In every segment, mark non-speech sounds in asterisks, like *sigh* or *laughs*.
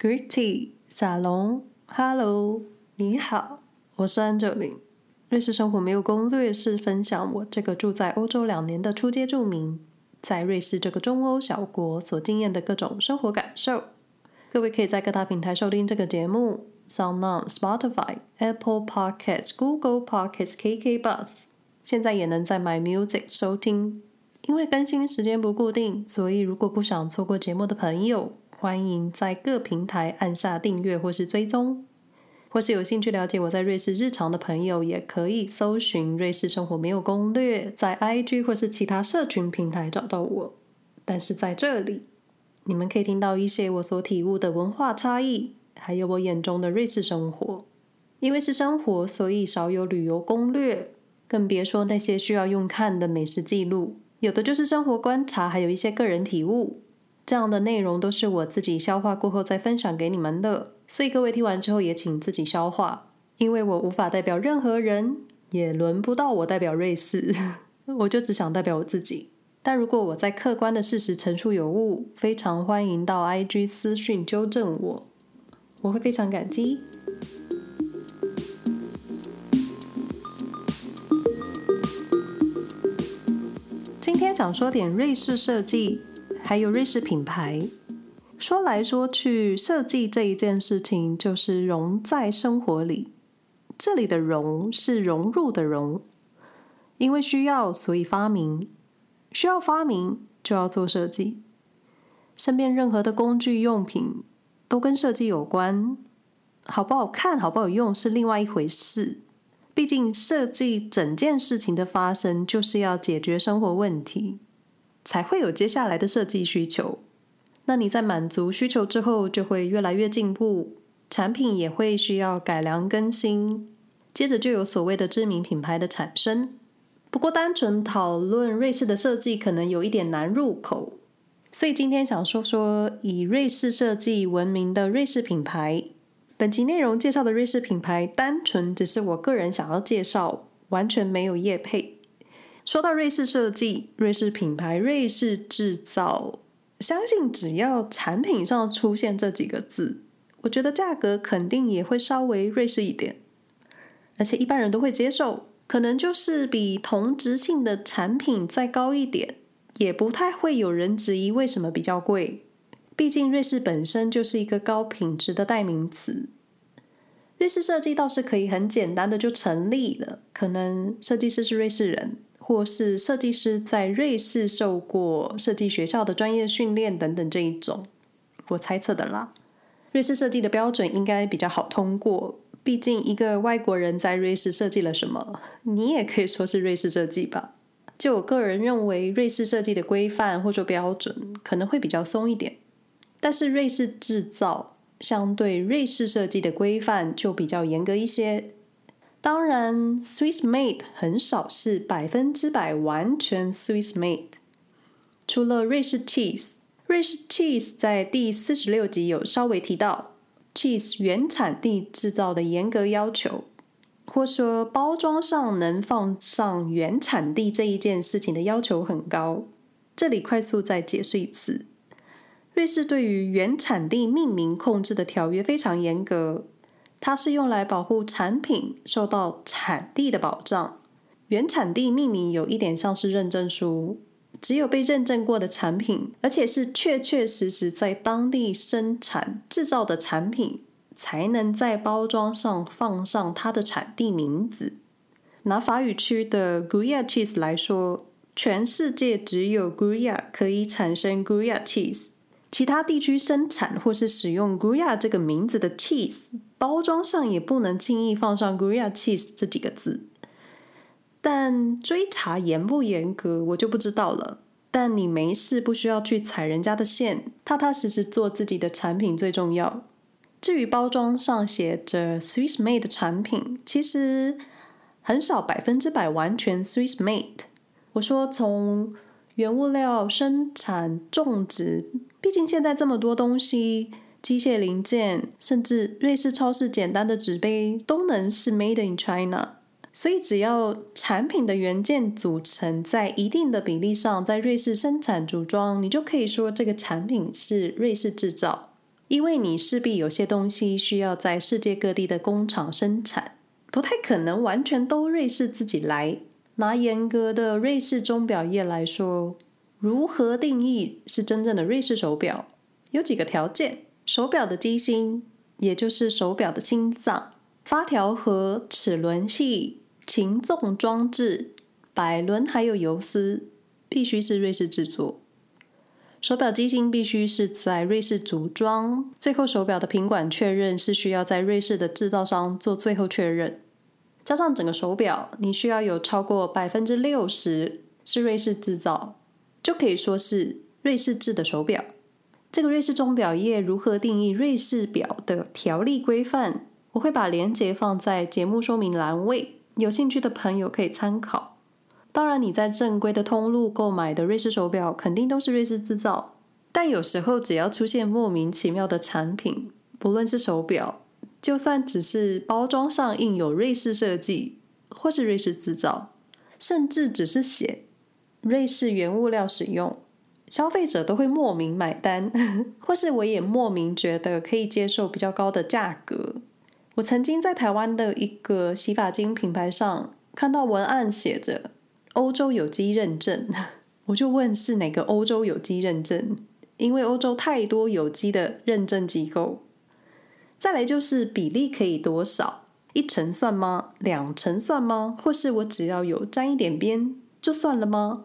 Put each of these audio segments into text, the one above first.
Gritty 撒隆哈嘍，Hello 你好，我是 Angelin。瑞士生活沒有攻略，是分享我這個住在歐洲兩年的初階住民，在瑞士這個中歐小國所經驗的各種生活感受。各位可以在各大平台收聽這個節目：SoundOn、Spotify、Apple Podcasts、Google Podcasts、KK Bus。現在也能在 My Music 收聽。因為更新時間不固定，所以如果不想錯過節目的朋友，歡迎在各平台按下訂閱或是追蹤，或是有興趣了解我在瑞士日常的朋友，也可以搜尋“瑞士生活沒有攻略”在 IG 或是其他社群平台找到我。但是在這裡，你們可以聽到一些我所體悟的文化差異，還有我眼中的瑞士生活。因為是生活，所以少有旅遊攻略，更別說那些需要用看的美食記錄，有的就是生活觀察，還有一些個人體悟。這樣的內容都是我自己消化過後再分享給你們的，所以各位聽完之後也請自己消化，因為我無法代表任何人，也輪不到我代表瑞士，我就只想代表我自己。但如果我在客觀的事實陳述有誤，非常歡迎到 IG 私訊糾正我，我會非常感激。今天想說點瑞士設計。還有瑞士品牌，說來說去，設計這一件事情就是融在生活裡。這裡的“融”是融入的“融”，因為需要，所以發明；需要發明，就要做設計。身邊任何的工具用品都跟設計有關，好不好看、好不好用是另外一回事。畢竟，設計整件事情的發生，就是要解決生活問題。才會有接下來的設計需求。那你在滿足需求之後，就會越來越進步，產品也會需要改良更新。接着就有所謂的知名品牌的產生。不過單純討論瑞士的設計，可能有一點難入口，所以今天想說說以瑞士設計聞名的瑞士品牌。本期內容介紹的瑞士品牌，單純只是我個人想要介紹，完全沒有業配。說到瑞士設計、瑞士品牌、瑞士製造，相信只要產品上出現這幾個字，我覺得價格肯定也會稍微瑞士一點，而且一般人都會接受。可能就是比同質性的產品再高一點，也不太會有人質疑為什麼比較貴。畢竟瑞士本身就是一個高品質的代名詞，瑞士設計倒是可以很簡單的就成立了。可能設計師是瑞士人。或是設計師在瑞士受過設計學校的專業訓練等等這一種，我猜測的啦。瑞士設計的標準應該比較好通過，畢竟一個外國人在瑞士設計了什麼，你也可以說是瑞士設計吧。就我個人認為，瑞士設計的規範或者說標準可能會比較鬆一點，但是瑞士製造相對瑞士設計的規範就比較嚴格一些。當然，Swiss made 很少是百分之百完全 Swiss made。除了瑞士 cheese，瑞士 cheese 在第四十六集有稍微提到 cheese 原產地制造的嚴格要求，或說包裝上能放上原產地這一件事情的要求很高。這裡快速再解釋一次，瑞士對於原產地命名控制的條約非常嚴格。它是用來保護產品受到產地的保障，原產地命名有一點像是認證書，只有被認證過的產品，而且是確確實實在當地生產製造的產品，才能在包裝上放上它的產地名字。拿法語區的 Gruyère cheese 來說，全世界只有 Gruyère 可以產生 Gruyère cheese。其他地區生產或是使用 Gruyère 這個名字的 cheese，包裝上也不能輕易放上 Gruyère cheese 這幾個字。但追查嚴不嚴格，我就不知道了。但你沒事，不需要去踩人家的線，踏踏實實做自己的產品最重要。至於包裝上寫着 “Swiss made” 的產品，其實很少百分之百完全 “Swiss made”。我說從原物料生產、種植。畢竟現在這麼多東西，機械零件，甚至瑞士超市簡單的紙杯都能是 made in China。所以只要產品的元件組成在一定的比例上在瑞士生產組裝，你就可以說這個產品是瑞士製造。因為你勢必有些東西需要在世界各地的工廠生產，不太可能完全都瑞士自己來。拿嚴格的瑞士鐘錶業來說。如何定義是真正的瑞士手錶？有幾個條件：手錶的機芯，也就是手錶的心臟、發條和齒輪系、擒縱裝置、擺輪還有游絲，必須是瑞士製作；手錶機芯必須是在瑞士組裝；最後，手錶的品管確認是需要在瑞士的制造商做最後確認。加上整個手錶，你需要有超過百分之六十是瑞士制造。就可以說是瑞士製的手錶。這個瑞士鐘錶業如何定義瑞士錶的條例規範？我會把鏈接放在節目說明欄位，有興趣的朋友可以參考。當然，你在正規的通路購買的瑞士手錶，肯定都是瑞士製造。但有時候，只要出現莫名其妙的產品，不論是手錶，就算只是包裝上印有瑞士設計或是瑞士製造，甚至只是寫。瑞士原物料使用，消費者都會莫名買單，或是我也莫名覺得可以接受比較高的價格。我曾經在台灣的一個洗髮精品牌上看到文案寫着“歐洲有機認證”，我就問是哪個歐洲有機認證？因為歐洲太多有機的認證機構。再來就是比例可以多少？一成算嗎？兩成算嗎？或是我只要有沾一點邊就算了嗎？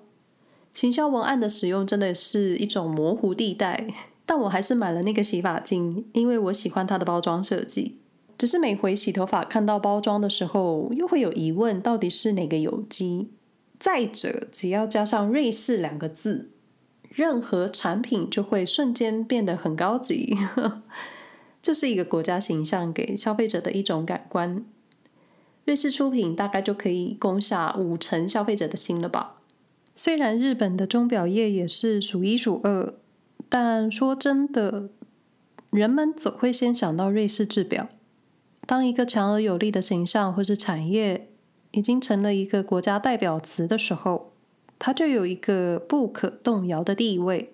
行銷文案的使用真的是一種模糊地帶，但我還是買了那個洗髮精，因為我喜歡它的包裝設計。只是每回洗頭髮看到包裝的時候，又會有疑問，到底是哪個有機？再者，只要加上“瑞士”兩個字，任何產品就會瞬間變得很高級，這 *laughs* 是一個國家形象給消費者的一種感官。瑞士出品大概就可以攻下五成消費者的心了吧。雖然日本的鐘錶業也是數一數二，但說真的，人們總會先想到瑞士製錶。當一個強而有力的形象或是產業已經成了一個國家代表詞的時候，它就有一個不可動搖的地位。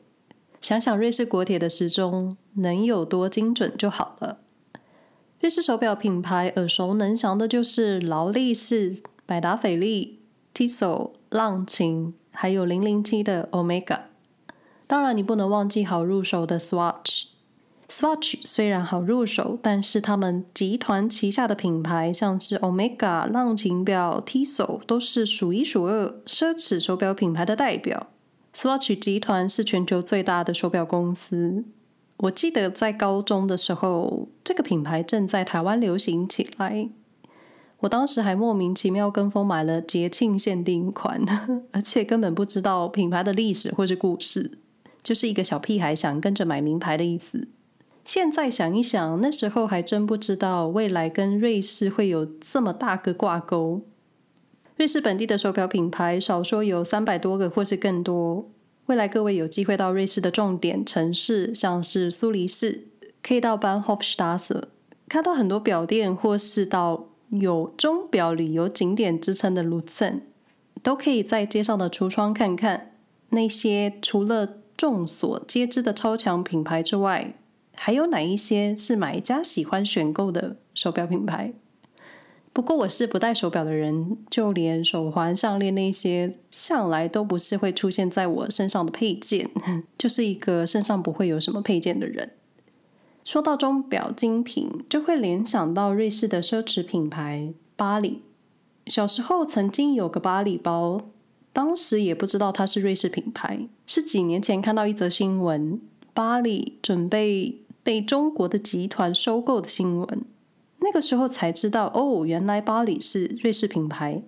想想瑞士國鐵的時鐘能有多精準就好了。瑞士手錶品牌耳熟能詳的就是勞力士、百達翡麗、Tissot、浪琴。還有零零七的 Omega，當然你不能忘記好入手的 Swatch。Swatch 雖然好入手，但是他們集團旗下的品牌，像是 Omega、浪琴錶、Tissot 都是數一數二奢侈手錶品牌的代表。Swatch 集團是全球最大的手錶公司。我記得在高中的時候，這個品牌正在台灣流行起來。我當時還莫名其妙跟風買了節慶限定款，而且根本不知道品牌的歷史或是故事，就是一個小屁孩想跟着買名牌的意思。現在想一想，那時候還真不知道未來跟瑞士會有這麼大個掛鈎。瑞士本地的手錶品牌少說有三百多個或是更多。未來各位有機會到瑞士的重點城市，像是蘇黎世，可以到 Bahnhofstrasse 看到很多錶店，或是到，有鐘錶旅遊景點之稱的盧森，都可以在街上的櫥窗看看那些除了眾所皆知的超強品牌之外，還有哪一些是買家喜歡選購的手錶品牌。不過我是不戴手錶的人，就連手環、項鏈那些向來都不是會出現在我身上的配件，就是一個身上不會有什麼配件的人。說到鐘表精品，就會聯想到瑞士的奢侈品牌 Bally。小時候曾經有個 Bally 包，當時也不知道它是瑞士品牌。是幾年前看到一則新聞，Bally 準備被中國的集團收購的新聞，那個時候才知道哦，原來 Bally 是瑞士品牌。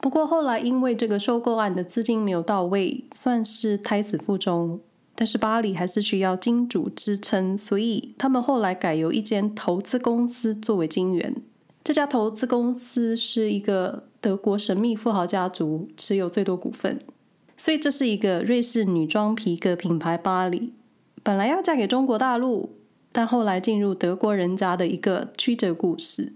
不過後來因為這個收購案的資金沒有到位，算是胎死腹中。但是 Bally 還是需要金主支撐，所以他們後來改由一間投資公司作為金援。這家投資公司是一個德國神秘富豪家族持有最多股份，所以這是一個瑞士女裝皮革品牌 Bally。本來要嫁給中國大陸，但後來進入德國人家的一個曲折故事。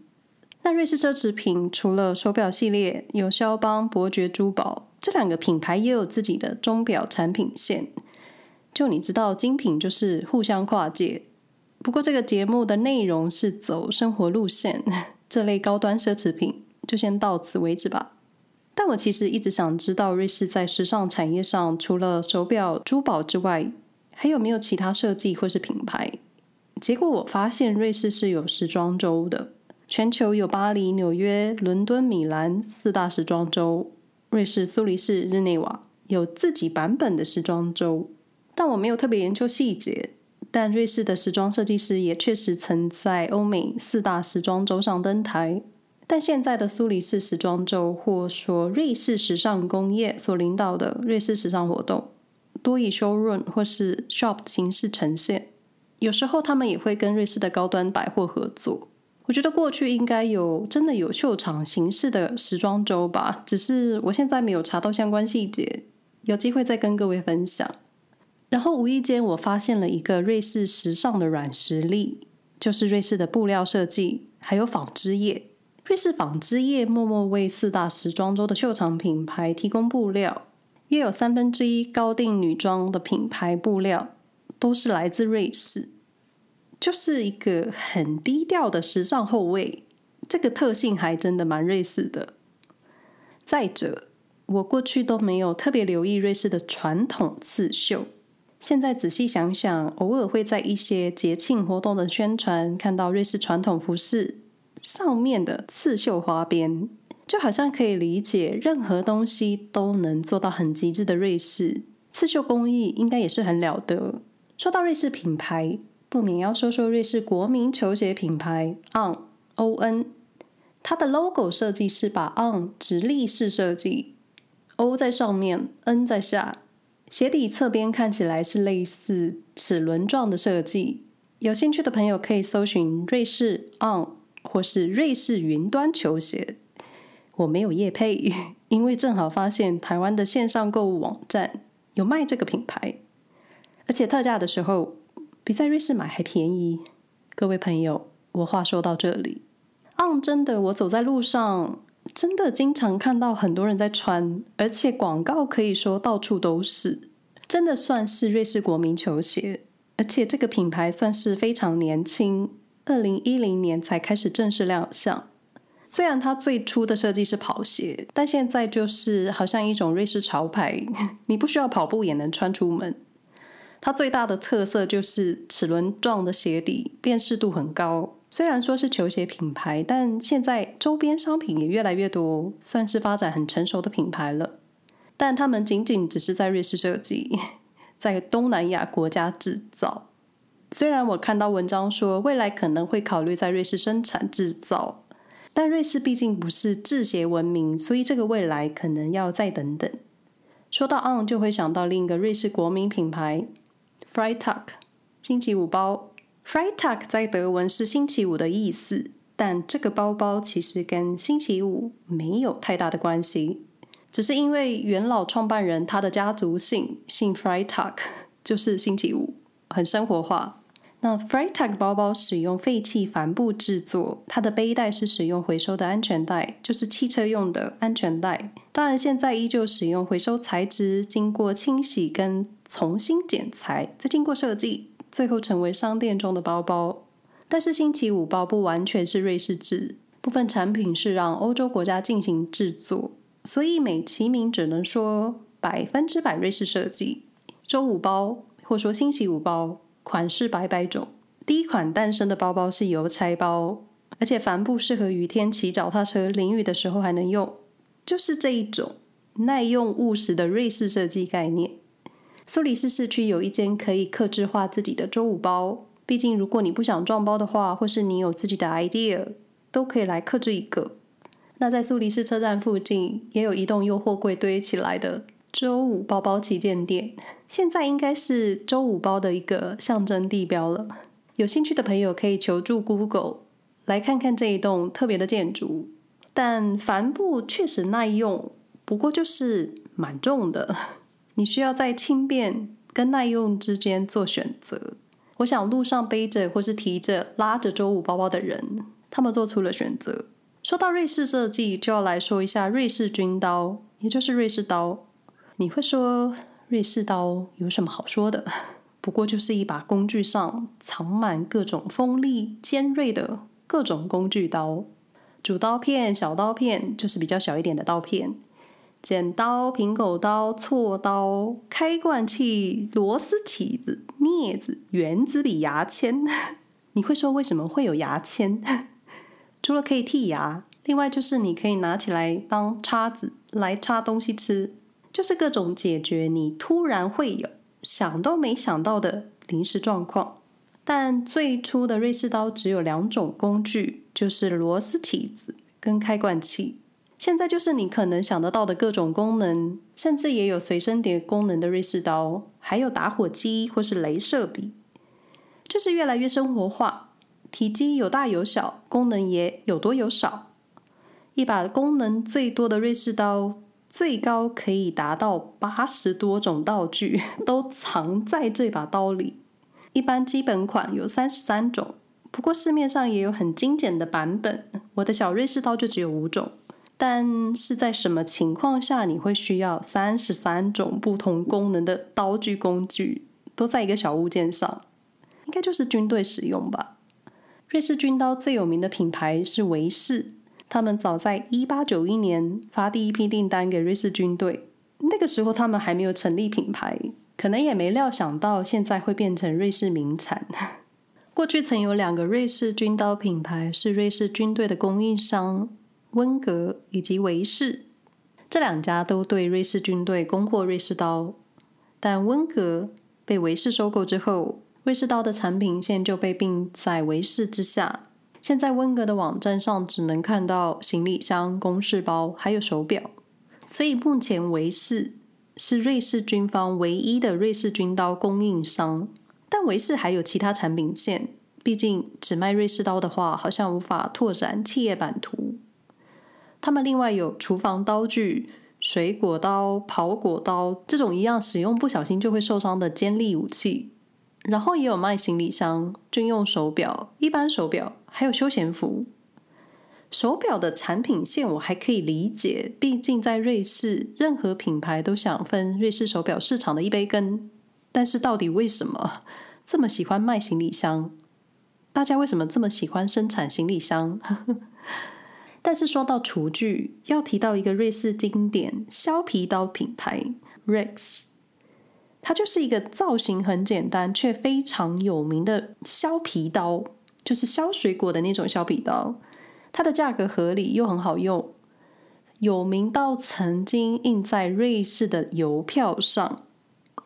那瑞士奢侈品除了手錶系列，有蕭邦、伯爵珠寶這兩個品牌，也有自己的鐘錶產品線。就你知道，精品就是互相跨界。不過，這個節目的內容是走生活路線，這類高端奢侈品就先到此為止吧。但我其實一直想知道，瑞士在時尚產業上，除了手表、珠寶之外，還有沒有其他設計或是品牌？結果我發現，瑞士是有時裝周的。全球有巴黎、紐約、倫敦、米蘭四大時裝周，瑞士蘇黎世、日內瓦有自己版本的時裝周。但我沒有特別研究細節，但瑞士的時裝設計師也確實曾在歐美四大時裝週上登台。但現在的蘇黎世時裝週，或說瑞士時尚工業所領導的瑞士時尚活動，多以 showroom 或是 shop 形式呈現。有時候他們也會跟瑞士的高端百貨合作。我覺得過去應該有真的有秀場形式的時裝週吧，只是我現在沒有查到相關細節，有機會再跟各位分享。然後無意間我發現了一個瑞士時尚的軟實力，就是瑞士的布料設計還有紡織業。瑞士紡織業默默為四大時裝周的秀場品牌提供布料，約有三分之一高定女裝的品牌布料都是來自瑞士，就是一個很低調的時尚後衛。這個特性還真的蠻瑞士的。再者，我過去都沒有特別留意瑞士的傳統刺繡。現在仔細想想，偶爾會在一些節慶活動的宣傳看到瑞士傳統服飾上面的刺繡花邊，就好像可以理解任何東西都能做到很極致的瑞士刺繡工藝，應該也是很了得。說到瑞士品牌，不免要說說瑞士國民球鞋品牌 On O N，它的 logo 設計是把 On 直立式設計，O 在上面，N 在下。鞋底側邊看起來是類似齒輪狀的設計，有興趣的朋友可以搜尋瑞士 On，嗯，或是瑞士雲端球鞋。我沒有業配，因為正好發現台灣的線上購物網站有賣這個品牌，而且特價的時候比在瑞士買還便宜。各位朋友，我話說到這裡，On，嗯，真的，我走在路上。真的經常看到很多人在穿，而且廣告可以說到處都是，真的算是瑞士國民球鞋。而且這個品牌算是非常年輕，二零一零年才開始正式亮相。雖然它最初的設計是跑鞋，但現在就是好像一種瑞士潮牌，你不需要跑步也能穿出門。它最大的特色就是齒輪狀的鞋底，辨識度很高。雖然說是球鞋品牌，但現在周邊商品也越來越多，算是發展很成熟的品牌了。但他們僅僅只是在瑞士設計，在東南亞國家制造。雖然我看到文章說未來可能會考慮在瑞士生產制造，但瑞士畢竟不是制鞋文明，所以這個未來可能要再等等。說到 On，就會想到另一個瑞士國民品牌，Freitag 星期五包。Freitag 在德文是星期五的意思，但這個包包其實跟星期五沒有太大的關係，只是因為元老創辦人他的家族姓姓 Freitag 就是星期五，很生活化。那 Freitag 包包使用廢棄帆布制作，它的背帶是使用回收的安全帶，就是汽車用的安全帶。當然，現在依舊使用回收材質，經過清洗跟重新剪裁，再經過設計。最後成為商店中的包包，但是星期五包不完全是瑞士製，部分產品是讓歐洲國家進行製作，所以美其名只能說百分之百瑞士設計。周五包，或說星期五包，款式百百種。第一款誕生的包包是郵差包，而且帆布適合雨天騎腳踏車，淋雨的時候還能用，就是這一種耐用務實的瑞士設計概念。蘇黎世市區有一間可以客製化自己的周五包，畢竟如果你不想撞包的話，或是你有自己的 idea，都可以來客製一個。那在蘇黎世車站附近也有一棟用貨櫃堆堆起來的周五包包旗艦店，現在應該是周五包的一個象徵地標了。有興趣的朋友可以求助 Google 來看看這一棟特別的建築。但帆布確實耐用，不過就是蠻重的。你需要在輕便跟耐用之間做選擇。我想路上背着或是提着拉着周五包包的人，他們做出了選擇。說到瑞士設計，就要來說一下瑞士軍刀，也就是瑞士刀。你會說瑞士刀有什麼好說的？不過就是一把工具上藏滿各種鋒利尖銳的各種工具刀，主刀片、小刀片，就是比較小一點的刀片。剪刀、蘋果刀、銼刀、開罐器、螺絲起子、鑷子、原子筆、牙籤。你會說為什麼會有牙籤？ *laughs* 除了可以剔牙，另外就是你可以拿起來當叉子來叉東西吃，就是各種解決你突然會有想都沒想到的臨時狀況。但最初的瑞士刀只有兩種工具，就是螺絲起子跟開罐器。現在就是你可能想得到的各種功能，甚至也有隨身碟功能的瑞士刀，還有打火機或是雷射筆，就是越來越生活化，體積有大有小，功能也有多有少。一把功能最多的瑞士刀，最高可以達到八十多種道具都藏在這把刀裡。一般基本款有三十三種，不過市面上也有很精簡的版本。我的小瑞士刀就只有五種。但是在什麼情況下你會需要三十三種不同功能的刀具工具都在一個小物件上？應該就是軍隊使用吧。瑞士軍刀最有名的品牌是維氏，他們早在一八九一年發第一批訂單給瑞士軍隊，那個時候他們還沒有成立品牌，可能也沒料想到現在會變成瑞士名產。 *laughs* 過去曾有兩個瑞士軍刀品牌是瑞士軍隊的供應商。溫格以及維氏這兩家都對瑞士軍隊供貨瑞士刀，但溫格被維氏收購之後，瑞士刀的產品線就被併在維氏之下。現在溫格的網站上只能看到行李箱、公事包，還有手錶。所以目前維氏是瑞士軍方唯一的瑞士軍刀供應商。但維氏還有其他產品線，畢竟只賣瑞士刀的話，好像無法拓展企業版圖。他們另外有廚房刀具、水果刀、刨果刀這種一樣使用不小心就會受傷的尖利武器，然後也有賣行李箱、軍用手錶、一般手錶，還有休閒服。手錶的產品線我還可以理解，畢竟在瑞士，任何品牌都想分瑞士手錶市場的一杯羹。但是到底為什麼這麼喜歡賣行李箱？大家為什麼這麼喜歡生產行李箱？ *laughs* 但是說到廚具，要提到一個瑞士經典削皮刀品牌 Rex，它就是一個造型很簡單卻非常有名的削皮刀，就是削水果的那種削皮刀。它的價格合理又很好用，有名到曾經印在瑞士的郵票上。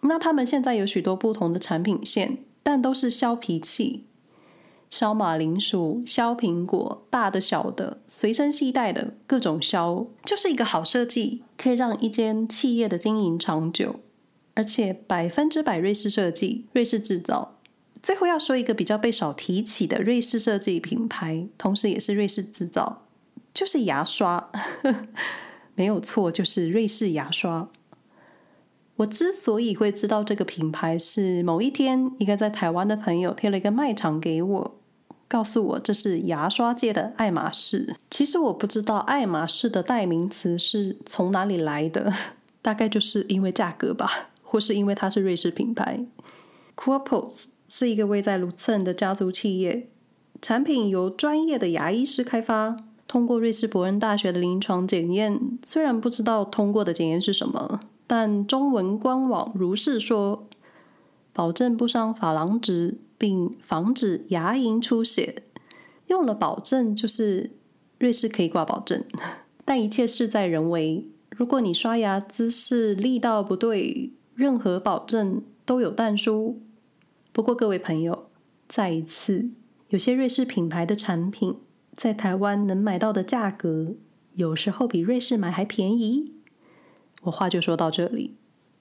那他們現在有許多不同的產品線，但都是削皮器。削馬鈴薯、削蘋果，大的、小的，隨身攜帶的各種削，就是一個好設計，可以讓一間企業的經營長久，而且百分之百瑞士設計、瑞士製造。最後要說一個比較被少提起的瑞士設計品牌，同時也是瑞士製造，就是牙刷， *laughs* 沒有錯，就是瑞士牙刷。我之所以會知道這個品牌，是某一天一個在台灣的朋友貼了一個賣場給我。告訴我這是牙刷界的愛馬仕。其實我不知道愛馬仕的代名詞是從哪裡來的，大概就是因為價格吧，或是因為它是瑞士品牌。CURAPROX 是一個位在盧塞恩的家族企業，產品由專業的牙醫師開發，通過瑞士伯恩大學的臨床檢驗。雖然不知道通過的檢驗是什麼，但中文官網如是說：保證不傷珐琅質。並防止牙齦出血，用了保證就是瑞士可以掛保證，但一切事在人為。如果你刷牙姿勢力道不對，任何保證都有但書。不過各位朋友，再一次，有些瑞士品牌的產品在台灣能買到的價格，有時候比瑞士買還便宜。我話就說到這裡，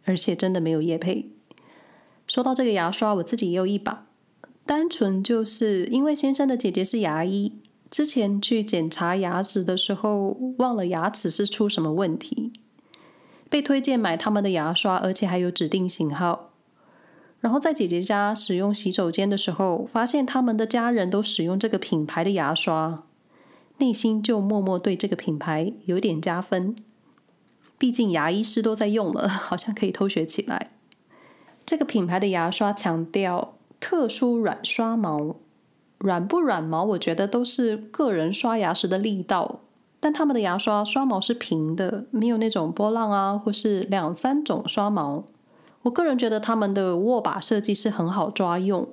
而且真的沒有業配。說到這個牙刷，我自己也有一把。單純就是因為先生的姐姐是牙醫，之前去檢查牙齒的時候，忘了牙齒是出什麼問題，被推薦買他們的牙刷，而且還有指定型號。然後在姐姐家使用洗手間的時候，發現他們的家人都使用這個品牌的牙刷，內心就默默對這個品牌有點加分。畢竟牙醫師都在用了，好像可以偷學起來。這個品牌的牙刷強調。特殊軟刷毛，軟不軟毛？我覺得都是個人刷牙時的力道。但他們的牙刷刷毛是平的，沒有那種波浪啊，或是兩三種刷毛。我個人覺得他們的握把設計是很好抓用。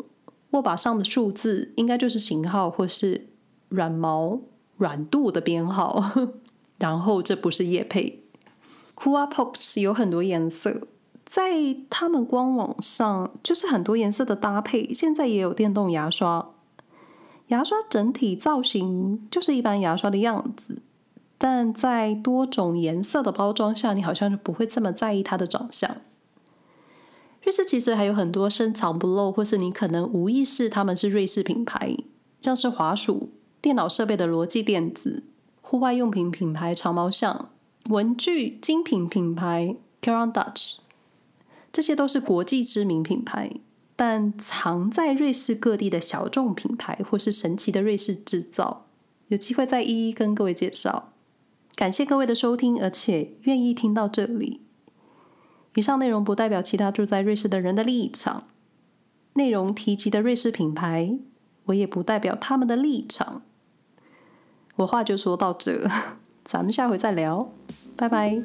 握把上的數字應該就是型號，或是軟毛軟度的編號。 *laughs* 然後這不是業配，CURAPROX 有很多顏色。在他們官網上，就是很多顏色的搭配。現在也有電動牙刷，牙刷整體造型就是一般牙刷的樣子，但在多種顏色的包裝下，你好像就不會這麼在意它的長相。瑞士其實還有很多深藏不露，或是你可能無意識他們是瑞士品牌，像是滑鼠電腦設備的羅技電子、戶外用品品牌長毛象、文具精品品牌 Caran d'Ache。這些都是國際知名品牌，但藏在瑞士各地的小眾品牌，或是神奇的瑞士製造，有機會再一一跟各位介紹。感謝各位的收聽，而且願意聽到這裡。以上內容不代表其他住在瑞士的人的立場，內容提及的瑞士品牌，我也不代表他們的立場。我話就說到這，咱們下回再聊，拜拜。